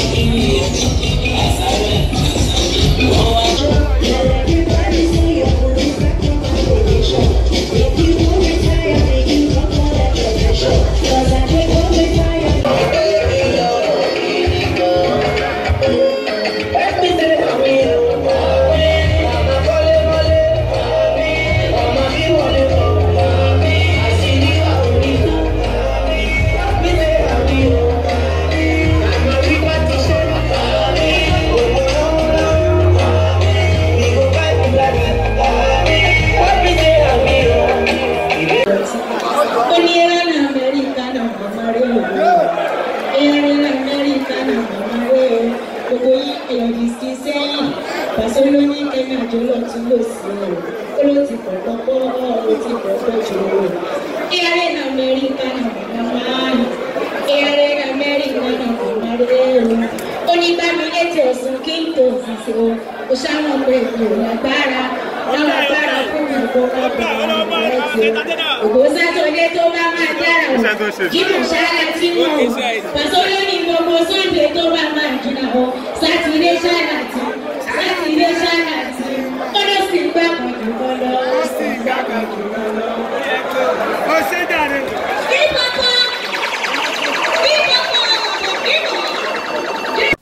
Thank you. ìlòdì sí sẹ́yìn pàṣẹ ló ní kẹ́mi àjọ lọ tún lò sí i ó ló ti pọ̀ pọ́pọ́ ó ti pọ̀ pọ̀ jù lọ. Here in America na mama Here in America na mama reo onígbàmílétí ọ̀sùn kíntò ìṣòro òṣàwọn ọmọ èdè lágbára lágbára fún ìgbọ́nà ọ̀gbọ̀n ẹ̀jẹ̀ ògbóṣà tó dé tó bá máa dára wọn kí mò ń ṣáájú tí wọn ò pàṣẹ lónìí gbogbo sóde tó bá máa jìnnà wọn sátì. টেনশনে রাখছে